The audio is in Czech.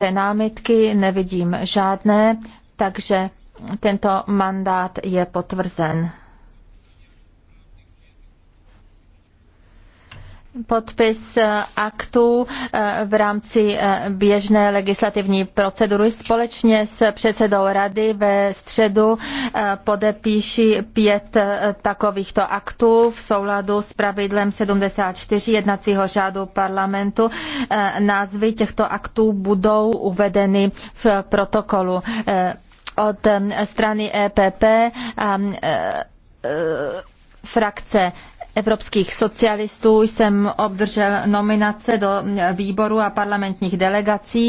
Té námitky nevidím žádné, takže tento mandát je potvrzen. podpis eh, aktů eh, v rámci eh, běžné legislativní procedury. Společně s předsedou rady ve středu podepíší pět takovýchto aktů v souladu s pravidlem 74 jednacího řádu parlamentu. Názvy těchto aktů budou uvedeny v protokolu. Od strany EPP frakce evropských socialistů jsem obdržel nominace do výboru a parlamentních delegací.